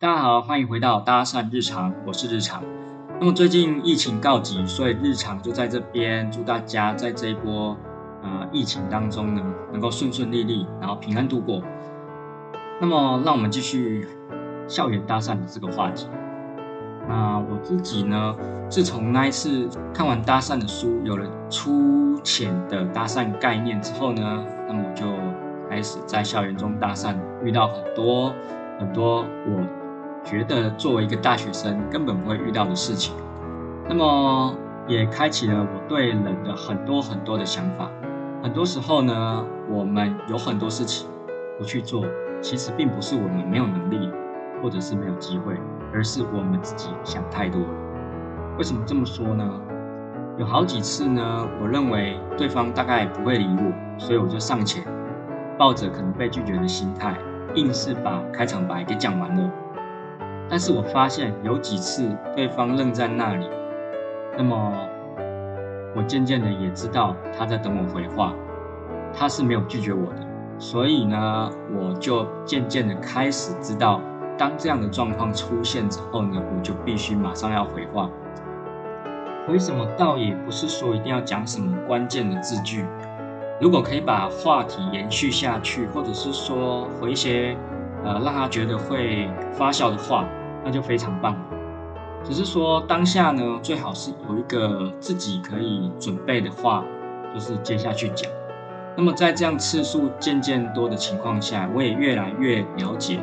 大家好，歡迎回到搭訕日常，我是日常。那麼最近疫情告急，所以日常就在這邊，祝大家在這一波呃疫情當中呢，能夠順順利利，然後平安度過。那麼，讓我們繼續校園搭訕的這個話題。那我自己呢，自從那一次看完搭訕的書，有了粗淺的搭訕概念之後呢，那麼我就開始在校園中搭訕，遇到很多很多，我覺得作為一個大學生根本不會遇到的事情。那麼也開啟了我對人的很多很多的想法。很多時候呢，我們有很多事情不去做，其實並不是我們沒有能力，或者是沒有機會。而是我們自己想太多了。為什麼這麼說呢？有好幾次呢，我認為對方大概不會理我，所以我就上前，抱着可能被拒絕的心態，硬是把開場白給講完了。但是我發現有幾次對方愣在那裡，那麼我漸漸的也知道他在等我回話，他是沒有拒絕我的。所以呢，我就漸漸的開始知道。當這樣的狀況出現之後呢，我就必須馬上要回話。回什麼倒也不是說一定要講什麼關鍵的字句，如果可以把話題延續下去，或者是說回一些呃讓他覺得會發笑的話，那就非常棒了。只是說當下呢，最好是有一個自己可以準備的話，就是接下去講。那麼在這樣次數漸漸多的情況下，我也越來越了解。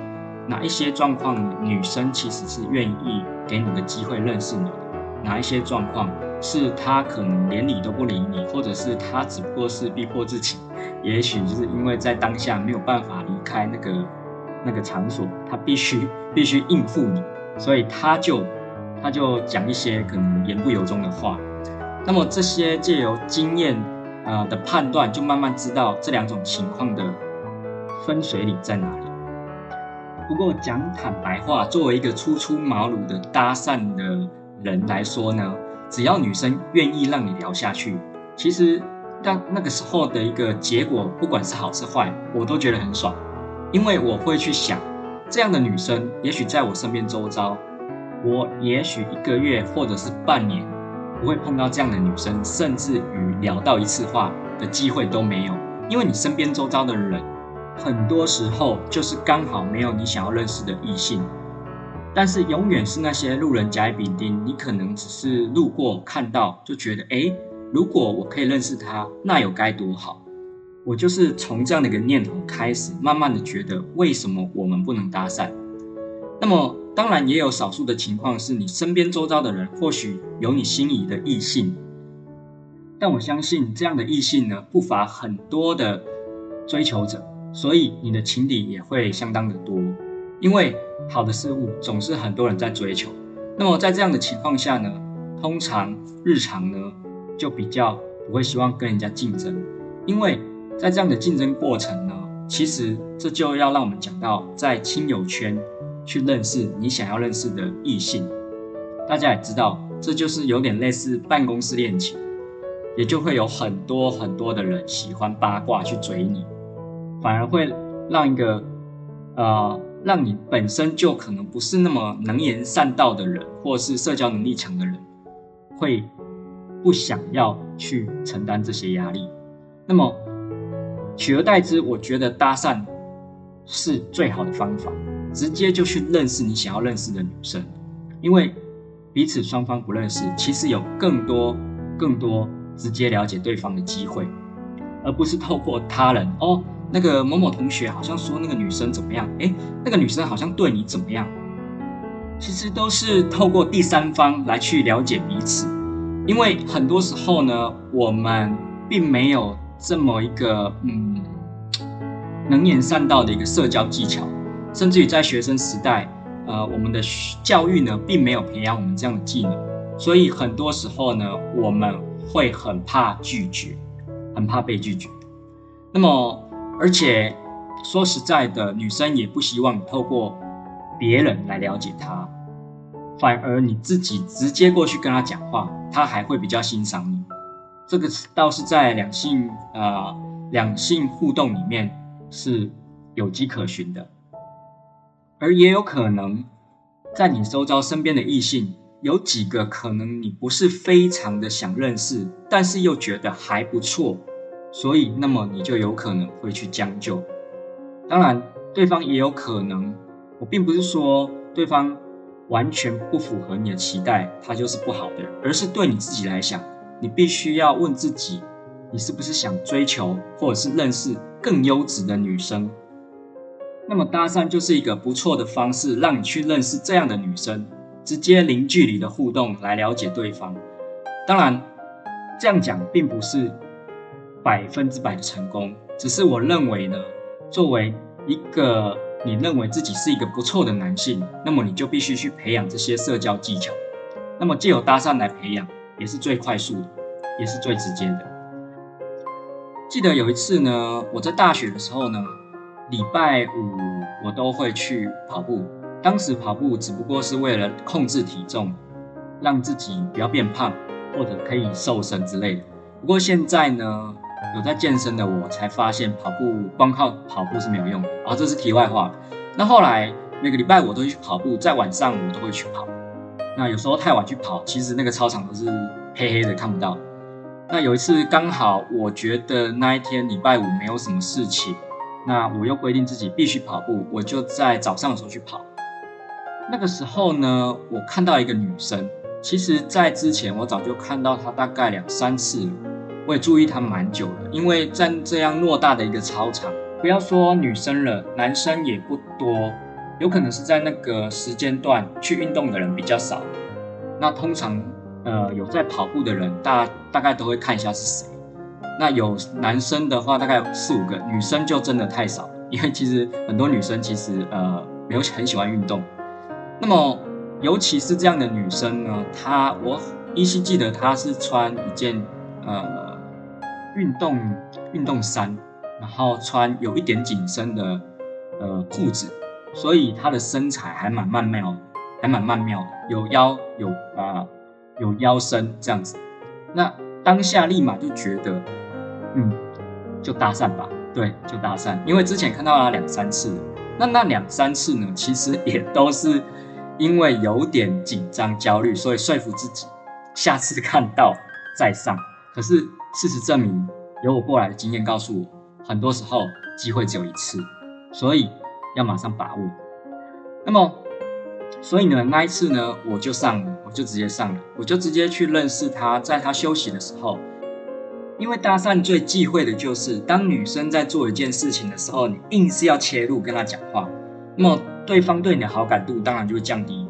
哪一些狀況，女生其實是願意給你個機會認識你的；哪一些狀況，是她可能連理都不理你，或者是她只不過是逼迫自己。也許就是因為在當下沒有辦法離開那個那個場所，她必須必須應付你，所以她就她就講一些可能言不由衷的話。那麼這些借由經驗啊、呃、的判斷，就慢慢知道這兩種情況的分水嶺在哪裡？不過講坦白話，作為一個初出茅廬的搭訕的人來說呢，只要女生願意讓你聊下去，其實但那個時候的一個結果，不管是好是壞，我都覺得很爽，因為我會去想，這樣的女生，也許在我身邊周遭，我也許一個月或者是半年不會碰到這樣的女生，甚至於聊到一次話的機會都沒有，因為你身邊周遭的人。很多時候就是剛好沒有你想要認識的異性，但是永遠是那些路人甲乙丙丁，你可能只是路過看到就覺得，哎，如果我可以認識他，那有該多好。我就是從這樣的一個念頭開始，慢慢的覺得為什麼我們不能搭訕？那麼當然也有少數的情況是你身邊周遭的人或許有你心儀的異性，但我相信這樣的異性呢，不乏很多的追求者。所以你的情敵也會相當的多，因為好的事物總是很多人在追求。那麼在這樣的情況下呢，通常日常呢就比較不會希望跟人家競爭，因為在這樣的競爭過程呢，其實這就要讓我們講到在親友圈去認識你想要認識的異性。大家也知道，這就是有點類似辦公室戀情，也就會有很多很多的人喜歡八卦去追你。反而會讓一個，呃，讓你本身就可能不是那麼能言善道的人，或是社交能力強的人，會不想要去承擔這些壓力。那麼，取而代之，我覺得搭訕是最好的方法，直接就去認識你想要認識的女生，因為彼此雙方不認識，其實有更多、更多直接了解對方的機會，而不是透過他人哦。那個某某同學好像說那個女生怎麼樣？哎，那個女生好像對你怎麼樣？其實都是透過第三方來去了解彼此，因為很多時候呢，我們並沒有這麼一個嗯能言善道的一個社交技巧，甚至於在學生時代，呃，我們的教育呢並沒有培養我們這樣的技能，所以很多時候呢，我們會很怕拒絕，很怕被拒絕。那麼而且，說實在的，女生也不希望你透過別人來了解她，反而你自己直接過去跟她講話，她還會比較欣賞你。這個倒是在兩性呃兩性互動裡面是有跡可循的。而也有可能，在你周遭身邊的異性，有幾個可能你不是非常的想認識，但是又覺得還不錯。所以，那麼你就有可能會去將就。當然，對方也有可能。我並不是說對方完全不符合你的期待，他就是不好的，而是對你自己來講，你必須要問自己，你是不是想追求或者是認識更優質的女生？那麼，搭訕就是一個不錯的方式，讓你去認識這樣的女生，直接零距離的互動來了解對方。當然，這樣講並不是。百分之百的成功，只是我認為呢。作為一個你認為自己是一個不錯的男性，那麼你就必須去培養這些社交技巧。那麼借由搭訕來培養，也是最快速的，也是最直接的。記得有一次呢，我在大學的時候呢，禮拜五我都會去跑步。當時跑步只不過是為了控制體重，讓自己不要變胖，或者可以瘦身之類的。不過現在呢。有在健身的我才發現，跑步光靠跑步是沒有用的。啊、哦，這是題外話。那後來每個禮拜我都會去跑步，在晚上我都會去跑。那有時候太晚去跑，其實那個操場都是黑黑的，看不到。那有一次剛好，我覺得那一天禮拜五沒有什麼事情，那我又規定自己必須跑步，我就在早上的時候去跑。那個時候呢，我看到一個女生，其實在之前我早就看到她大概兩三次了。我也注意他蠻久了，因為在這樣偌大的一個操場，不要說女生了，男生也不多，有可能是在那個時間段去運動的人比較少。那通常，呃，有在跑步的人，大大概都會看一下是誰。那有男生的話，大概四五個，女生就真的太少，因為其實很多女生其實，呃，沒有很喜歡運動。那麼，尤其是這樣的女生呢，她，我依稀記得她是穿一件呃。運動運動衫，然後穿有一點緊身的呃褲子，所以他的身材還蠻曼妙，還蠻曼妙，有腰有啊、呃、有腰身這樣子。那當下立馬就覺得，嗯，就搭訕吧，對，就搭訕。因為之前看到他兩三次，那那兩三次呢，其實也都是因為有點緊張焦慮，所以說服自己下次看到再上。可是。事實證明，有我過來的經驗告訴我，很多時候機會只有一次，所以要馬上把握。那麼，所以呢，那一次呢，我就上了，我就直接上了，我就直接去認識她，在她休息的時候，因為搭訕最忌諱的就是當女生在做一件事情的時候，你硬是要切入跟她講話，那麼對方對你的好感度當然就會降低，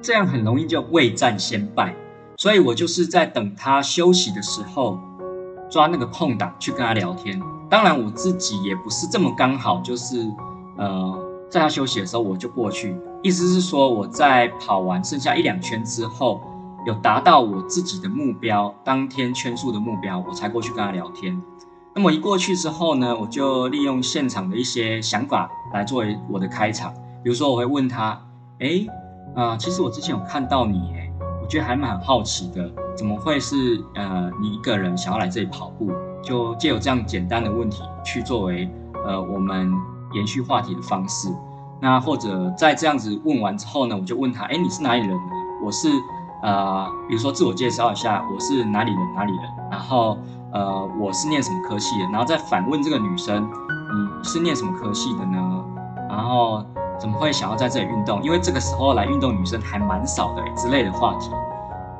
這樣很容易就未戰先敗。所以我就是在等她休息的時候。抓那個空檔，去跟他聊天，當然我自己也不是這麼剛好，就是，呃，在他休息的時候我就過去，意思是說我在跑完剩下一兩圈之後，有達到我自己的目標，當天圈數的目標，我才過去跟他聊天。那麼一過去之後呢，我就利用現場的一些想法來作為我的開場，比如說我會問他，哎，啊、呃，其實我之前有看到你，哎，我覺得還蠻好奇的。怎麼會是呃你一個人想要來這裡跑步？就借由這樣簡單的問題去作為呃我們延續話題的方式。那或者在這樣子問完之後呢，我就問他：哎，你是哪裡人呢？我是呃，比如說自我介紹一下，我是哪裡人哪裡人。然後呃，我是念什麼科系的？然後再反問這個女生：你是念什麼科系的呢？然後怎麼會想要在這裡運動？因為這個時候來運動女生還蠻少的之類的話題。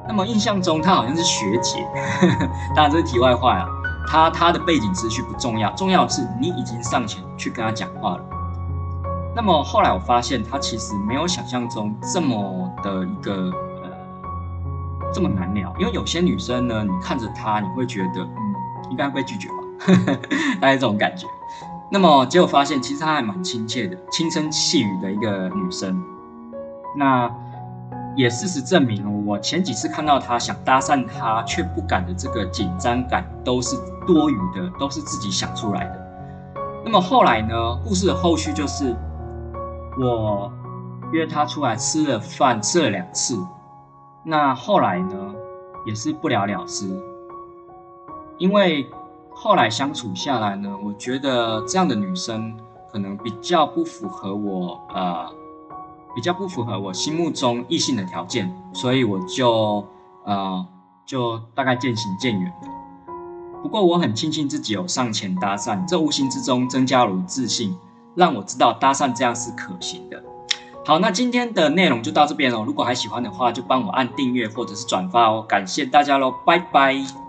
那麼印象中她好像是學姐，呵呵，當然這是題外話了，啊。她她的背景資訊不重要，重要的是你已經上前去跟她講話了。那麼後來我發現她其實沒有想象中這麼的一個呃這麼難聊，因為有些女生呢，你看着她你會覺得嗯，應該會被拒絕吧，呵呵，大概這種感覺。那麼結果發現其實她還蠻親切的，輕聲細語的一個女生。那。也事實證明，我前幾次看到她想搭訕她卻不敢的這個緊張感都是多餘的，都是自己想出來的。那麼後來呢？故事的後續就是我約她出來吃了飯，吃了兩次。那後來呢？也是不了了之。因為後來相處下來呢，我覺得這樣的女生可能比較不符合我啊。呃比較不符合我心目中異性的條件，所以我就，呃，就大概漸行漸遠了。不過我很慶幸自己有上前搭訕，這無形之中增加了我自信，讓我知道搭訕這樣是可行的。好，那今天的內容就到這邊嘍、哦。如果還喜歡的話，就幫我按訂閱或者是轉發哦，感謝大家嘍，拜拜。